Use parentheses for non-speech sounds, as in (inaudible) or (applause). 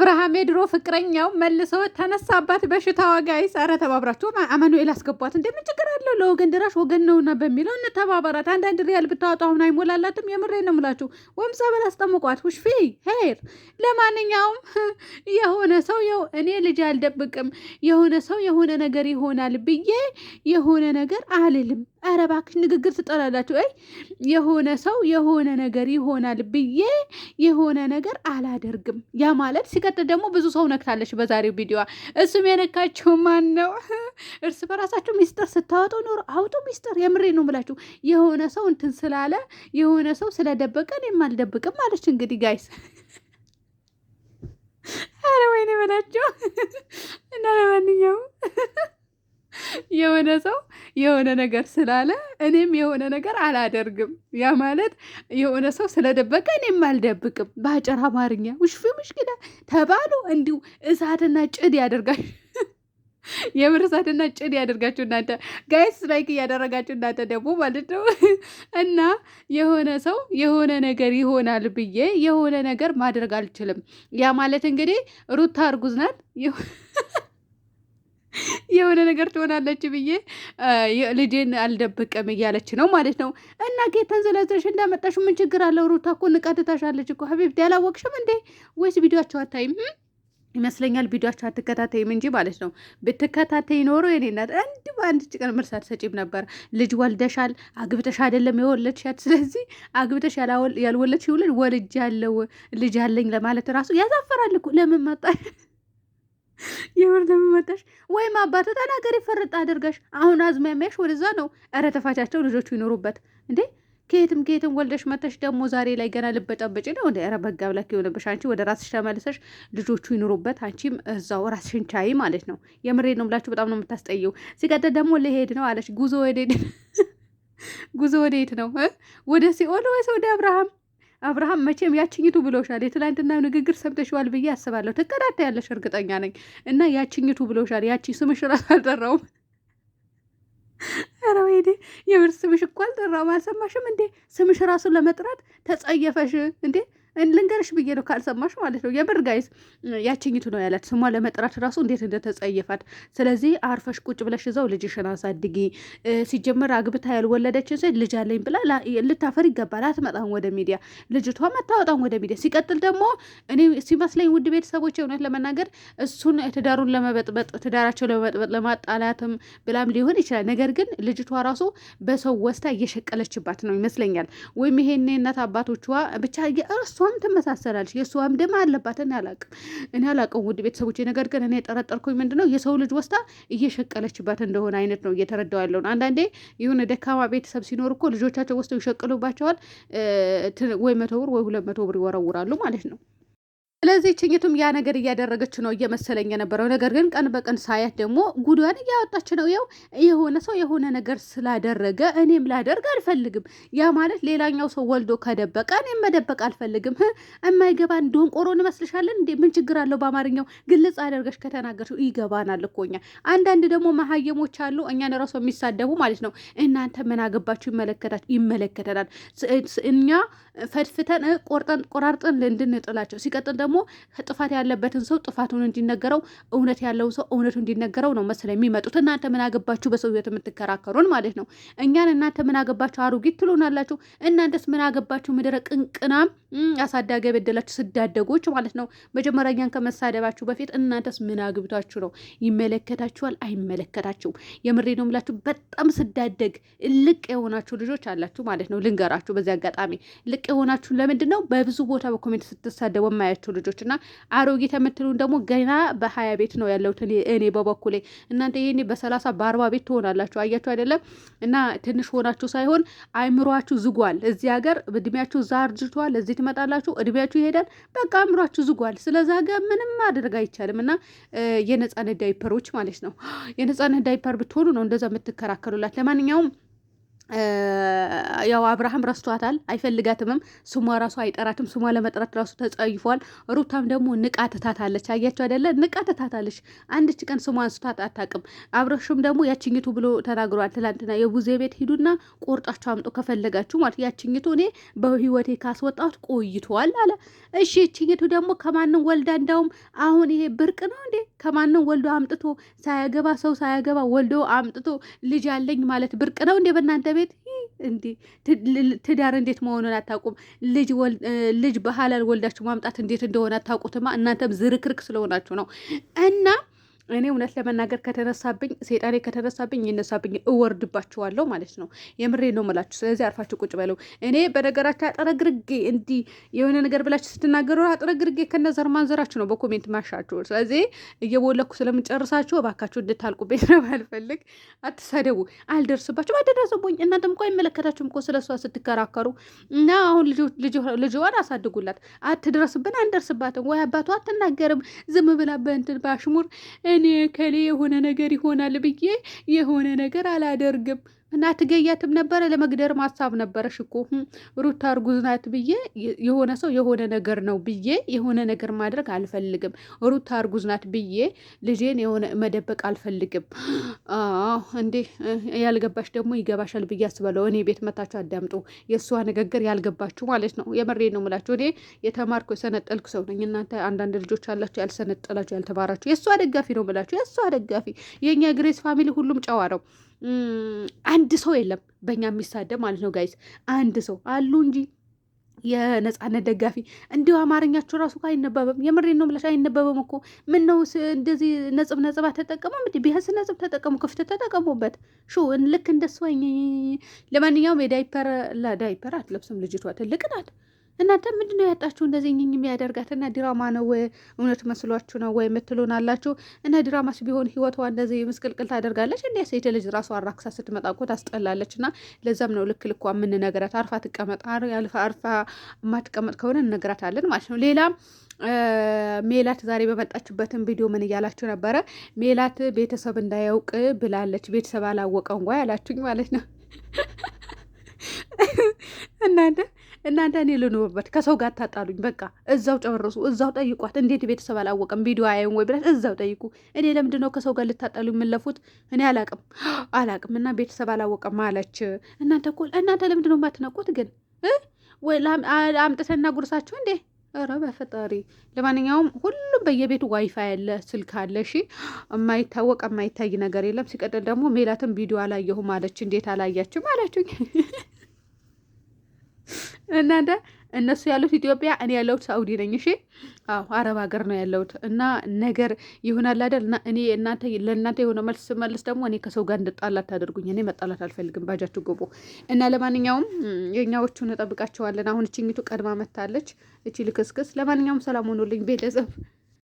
አብርሃም የድሮ ፍቅረኛው መልሶ ተነሳባት በሽታዋ። ጋይስ ኧረ ተባብራችሁ አማኑኤል አስገቧት። እንደምን ችግር አለው? ለወገን ድራሽ ወገን ነውና በሚለው እንተባበራት። አንዳንድ ሪያል ብታወጡ አሁን አይሞላላትም። የምሬ ነው ምላችሁ። ወይም ጸበል አስጠምቋት። ውሽፌ ሄር። ለማንኛውም (laughs) የሆነ ሰው እኔ ልጅ አልደብቅም፣ የሆነ ሰው የሆነ ነገር ይሆናል ብዬ የሆነ ነገር አልልም ኧረ እባክሽ ንግግር ትጠላላችሁ። ይ የሆነ ሰው የሆነ ነገር ይሆናል ብዬ የሆነ ነገር አላደርግም። ያ ማለት ሲቀጥል ደግሞ ብዙ ሰው ነክታለች በዛሬው ቪዲዮዋ። እሱም የነካችው ማን ነው? (laughs) እርስ በራሳችሁ ሚስጥር ስታወጡ ኖሮ አውጡ ሚስጥር። የምሬ ነው ብላችሁ የሆነ ሰው እንትን ስላለ የሆነ ሰው ስለደበቀ እኔም አልደብቅም አለች። እንግዲህ ጋይስ (laughs) አረ ወይኔ በላቸው (laughs) እና ለማንኛውም የሆነ ሰው የሆነ ነገር ስላለ እኔም የሆነ ነገር አላደርግም። ያ ማለት የሆነ ሰው ስለደበቀ እኔም አልደብቅም። በአጭር አማርኛ ውሽፊ ሙሽኪላ ተባሉ። እንዲሁ እሳትና ጭድ ያደርጋል። (laughs) የምርሳትና ጭድ ያደርጋችሁ እናንተ ጋይስ ላይክ እያደረጋችሁ እናንተ ደግሞ ማለት ነው። (laughs) እና የሆነ ሰው የሆነ ነገር ይሆናል ብዬ የሆነ ነገር ማድረግ አልችልም። ያ ማለት እንግዲህ ሩታ እርጉዝ ናት። የሆነ ነገር ትሆናለች ብዬ ልጄን አልደብቅም እያለች ነው ማለት ነው። እና ጌት ተንዘላዘሽ እንዳመጣሽ ምን ችግር አለው? ሩታ እኮ ንቃትታሻለች እኮ ሀቢብቲ አላወቅሽም እንዴ? ወይስ ቪዲዮቸው አታይም? ይመስለኛል ቪዲዮቸው አትከታተይም እንጂ ማለት ነው። ብትከታተይ ኖሮ የኔ እናት አንድ በአንድ ጭቀን መልስ አትሰጪም ነበር። ልጅ ወልደሻል፣ አግብተሽ አይደለም የወለድሻት። ስለዚህ አግብተሽ ያልወለድሽ ይውልድ ወልጅ ያለው ልጅ ያለኝ ለማለት ራሱ ያዛፈራል እኮ ለምን መጣ የምር ለምን መጣሽ? ወይም አባት ተናገሪ፣ ፈርጥ አድርገሽ አሁን አዝማሚያሽ ወደዛ ነው። ኧረ ተፋቻቸው፣ ልጆቹ ይኖሩበት እንዴ። ከየትም ከየትም ወልደሽ መተሽ ደግሞ ዛሬ ላይ ገና ልበጫበጭ ነው እንደ ኧረ በጋ ብላክ የሆነብሽ አንቺ። ወደ ራስሽ ተመልሰሽ ልጆቹ ይኖሩበት፣ አንቺም እዛው ራስሽን ቻይ ማለት ነው። የምሬ ነው ብላችሁ በጣም ነው የምታስጠየው። ሲቀጥል ደግሞ ልሄድ ነው አለሽ። ጉዞ ወደ (laughs) ጉዞ ወደ ወዴት ነው? ወደ ሲኦል ወይስ ወደ አብርሃም? አብርሃም መቼም ያችኝቱ ብሎሻል። የትላንትና ንግግር ሰምተሽዋል ብዬ አስባለሁ። ያለሽ እርግጠኛ ነኝ እና ያችኝቱ ብሎሻል። ያቺ ስምሽ እራሱ አልጠራውም። ኧረ ወይኔ የምር ስምሽ እኮ አልጠራውም። አልሰማሽም እንዴ? ስምሽ ራሱን ለመጥራት ተጸየፈሽ እንዴ? ልንገርሽ ብዬ ነው ካልሰማሽ ማለት ነው። የብር ጋይስ ያችኝቱ ነው ያላት ስሟ ለመጥራት ራሱ እንዴት እንደተጸየፋት። ስለዚህ አርፈሽ ቁጭ ብለሽ እዛው ልጅሽን አሳድጊ። ሲጀመር አግብታ ያልወለደች ሴት ልጅ አለኝ ብላ ልታፈር ይገባል። አትመጣም ወደ ሚዲያ ልጅቷ አታወጣም ወደ ሚዲያ። ሲቀጥል ደግሞ እኔ ሲመስለኝ ውድ ቤተሰቦች እውነት ለመናገር እሱን ትዳሩን ለመበጥበጥ ትዳራቸው ለመበጥበጥ ለማጣላትም ብላም ሊሆን ይችላል። ነገር ግን ልጅቷ ራሱ በሰው ወስታ እየሸቀለችባት ነው ይመስለኛል። ወይም ይሄኔ እናት አባቶቿ ብቻ እሷ እሷም ትመሳሰላለች። የእሷም ደም አለባት። እኔ አላቅም እኔ አላቅም ውድ ቤተሰቦች። ነገር ግን እኔ የጠረጠርኩኝ ምንድን ነው የሰው ልጅ ወስታ እየሸቀለችባት እንደሆነ አይነት ነው እየተረዳው ያለው ነው። አንዳንዴ የሆነ ደካማ ቤተሰብ ሲኖር እኮ ልጆቻቸው ወስተው ይሸቅሉባቸዋል። ወይ መቶ ብር ወይ ሁለት መቶ ብር ይወረውራሉ ማለት ነው። ስለዚህ ችኝቱም ያ ነገር እያደረገች ነው እየመሰለኝ የነበረው ነገር ግን ቀን በቀን ሳያት ደግሞ ጉዷን እያወጣች ነው። ያው የሆነ ሰው የሆነ ነገር ስላደረገ እኔም ላደርግ አልፈልግም። ያ ማለት ሌላኛው ሰው ወልዶ ከደበቀ እኔም መደበቅ አልፈልግም። የማይገባን ዶንቆሮ እንመስልሻለን እንዴ? ምን ችግር አለው? በአማርኛው ግልጽ አደርገሽ ከተናገር ይገባናል እኮ እኛ። አንዳንድ ደግሞ መሀየሞች አሉ እኛን ራሱ የሚሳደቡ ማለት ነው። እናንተ ምን አገባችሁ? ይመለከተናል። እኛ ፈድፍተን ቆርጠን ቆራርጠን ልንድንጥላቸው ሲቀጥል ደግሞ ደግሞ ጥፋት ያለበትን ሰው ጥፋቱን እንዲነገረው፣ እውነት ያለው ሰው እውነቱ እንዲነገረው ነው መሰለኝ የሚመጡት። እናንተ ምን አገባችሁ በሰው ህይወት የምትከራከሩን ማለት ነው። እኛን እናንተ ምን አገባችሁ አሮጊት ትሉናላችሁ። እናንተስ ምን አገባችሁ ምድረ ቅንቅናም አሳዳጊ የበደላችሁ ስዳደጎች ማለት ነው። መጀመሪያ እኛን ከመሳደባችሁ በፊት እናንተስ ምን አግብታችሁ ነው? ይመለከታችኋል? አይመለከታችሁ? የምሬ ነው ምላችሁ። በጣም ስዳደግ ልቅ የሆናችሁ ልጆች አላችሁ ማለት ነው። ልንገራችሁ በዚህ አጋጣሚ ልቅ የሆናችሁ ለምንድን ነው በብዙ ቦታ በኮሜንት ስትሳደቡ የማያችሁ ልጆች እና አሮጊት የምትሉን ደግሞ ገና በሀያ ቤት ነው ያለሁት እኔ በበኩሌ። እናንተ ይሄኔ በሰላሳ በአርባ ቤት ትሆናላችሁ። አያችሁ አይደለም እና ትንሽ ሆናችሁ ሳይሆን አይምሯችሁ ዝጓል። እዚህ ሀገር እድሜያችሁ እዛ አርጅቷል። እዚህ ትመጣላችሁ፣ እድሜያችሁ ይሄዳል። በቃ አይምሯችሁ ዝጓል። ስለዚ ሀገር ምንም ማድረግ አይቻልም እና የነጻነት ዳይፐሮች ማለት ነው (gasps) የነጻነት ዳይፐር ብትሆኑ ነው እንደዛ የምትከራከሉላት ለማንኛውም ያው አብርሃም ረስቷታል፣ አይፈልጋትምም። ስሟ ራሱ አይጠራትም። ስሟ ለመጥራት ራሱ ተጸይፏል። ሩታም ደግሞ ንቃ ትታታለች። አያቸው አይደለ? ንቃ ትታታለች። አንድች ቀን ስሟ አንስቷት አታውቅም። አብረሹም ደግሞ ያችኝቱ ብሎ ተናግሯል። ትላንትና የቡዜ ቤት ሂዱና ቆርጣቸው አምጦ ከፈለጋችሁ ማለት ያችኝቱ እኔ በህይወቴ ካስወጣት ቆይቷል አለ። እሺ ያችኝቱ ደግሞ ከማንም ወልዳ እንዳውም አሁን ይሄ ብርቅ ነው እንዴ? ከማንም ወልዶ አምጥቶ ሳያገባ ሰው ሳያገባ ወልዶ አምጥቶ ልጅ አለኝ ማለት ብርቅ ነው እንዴ በእናንተ ትዳር እንዴት መሆኑን አታውቁም። ልጅ በሀላል ወልዳችሁ ማምጣት እንዴት እንደሆነ አታውቁትማ። እናንተም ዝርክርክ ስለሆናችሁ ነው እና እኔ እውነት ለመናገር ከተነሳብኝ ሴጣኔ ከተነሳብኝ የነሳብኝ እወርድባችኋለሁ ማለት ነው። የምሬ ነው ምላችሁ ስለዚህ አርፋችሁ ቁጭ በለው። እኔ በነገራችሁ አጠረግርጌ እንዲህ የሆነ ነገር ብላችሁ ስትናገሩ አጠረግርጌ ከነዘር ማንዘራችሁ ነው በኮሜንት ማሻችሁ። ስለዚህ እየቦለኩ ስለምጨርሳችሁ እባካችሁ እንድታልቁብኝ ነው ባልፈልግ። አትሳደቡ፣ አልደርስባችሁም፣ አደረሰቡኝ። እናንተም እኮ አይመለከታችሁም እኮ ስለሷ ስትከራከሩ እና አሁን ልጅዋን አሳድጉላት። አትድረስብን፣ አንደርስባትም ወይ አባቷ አትናገርም። ዝም ብላ በእንትን ባሽሙር እኔ ከሌ የሆነ ነገር ይሆናል ብዬ የሆነ ነገር አላደርግም እና ትገያትም ነበረ ለመግደር ማሳብ ነበረሽ እኮ ሩታ እርጉዝ ናት ብዬ የሆነ ሰው የሆነ ነገር ነው ብዬ የሆነ ነገር ማድረግ አልፈልግም። ሩታ እርጉዝ ናት ብዬ ልጄን የሆነ መደበቅ አልፈልግም። እንዴ ያልገባሽ ደግሞ ይገባሻል ብዬ አስበለው። እኔ ቤት መታችሁ አዳምጡ። የእሷ ንግግር ያልገባችሁ ማለት ነው። የምሬ ነው የምላችሁ። እኔ የተማርኩ የሰነጠልኩ ሰው ነኝ። እናንተ አንዳንድ ልጆች አላችሁ ያልሰነጠላችሁ፣ ያልተማራችሁ። የእሷ ደጋፊ ነው የምላችሁ፣ የእሷ ደጋፊ። የእኛ ግሬስ ፋሚሊ ሁሉም ጨዋ ነው። አንድ ሰው የለም በእኛ የሚሳደብ ማለት ነው ጋይስ፣ አንድ ሰው አሉ እንጂ የነጻነት ደጋፊ እንዲሁ አማርኛቸው ራሱ አይነበብም። የምሬን ነው ብለሽ አይነበብም እኮ ምን ነው እንደዚህ ነጽብ ነጽብ አትጠቀሙም እንዴ? ቢያንስ ነጽብ ተጠቀሙ፣ ክፍት ተጠቀሙበት። ሹ ልክ እንደሱ ለማንኛውም የዳይፐር ለዳይፐር አትለብስም ልጅቷ ትልቅ ናት። እናንተ ምንድን ነው ያጣችሁ? እንደዚህ እኝኝ የሚያደርጋት እና ድራማ ነው እውነት መስሏችሁ ነው ወይ የምትሉን አላችሁ። እና ድራማስ ቢሆን ህይወቷ እንደዚህ ምስቅልቅል ታደርጋለች። እንዲ ሴት ልጅ አራክሳ ስትመጣ እኮ ታስጠላለች። እና ለዛም ነው ልክ ልኳ የምንነግራት። አርፋ ትቀመጥ፣ አርፋ ማትቀመጥ ከሆነ እነግራታለን ማለት ነው። ሌላ ሜላት ዛሬ በመጣችበትን ቪዲዮ ምን እያላችሁ ነበረ? ሜላት ቤተሰብ እንዳያውቅ ብላለች። ቤተሰብ አላወቀ እንኳ ያላችሁኝ ማለት ነው (laughs) እናንተ እናንተ እኔ ልኑርበት፣ ከሰው ጋር ታጣሉኝ። በቃ እዛው ጨርሱ፣ እዛው ጠይቋት። እንዴት ቤተሰብ አላወቀም ቪዲዮ አየን ወይ ብላችሁ እዛው ጠይቁ። እኔ ለምንድን ነው ከሰው ጋር ልታጣሉ የምለፉት? እኔ አላቅም አላቅም። እና ቤተሰብ አላወቀም አለች። እናንተ እኮ እናንተ ለምንድን ነው የማትነቁት ግን? ወይ አምጥተና ጉርሳችሁ እንዴ ኧረ በፈጣሪ ለማንኛውም ሁሉም በየቤቱ ዋይፋይ ያለ ስልክ አለ። እሺ የማይታወቅ የማይታይ ነገር የለም። ሲቀጥል ደግሞ ሜላትን ቪዲዮ አላየሁም አለች። እንዴት አላያችም አላችሁኝ? (laughs) እናንተ እነሱ ያሉት ኢትዮጵያ፣ እኔ ያለሁት ሳውዲ ነኝ። እሺ አዎ፣ አረብ ሀገር ነው ያለሁት እና ነገር ይሆናል አይደል? እና እኔ እናንተ ለእናንተ የሆነ መልስ መልስ ደግሞ እኔ ከሰው ጋር እንድጣላት ታደርጉኝ። እኔ መጣላት አልፈልግም። ባጃችሁ ግቡ እና ለማንኛውም የእኛዎቹን እንጠብቃቸዋለን። አሁን እችኝቱ ቀድማ መታለች። እቺ ልክስክስ። ለማንኛውም ሰላም ሆኖልኝ ቤተሰብ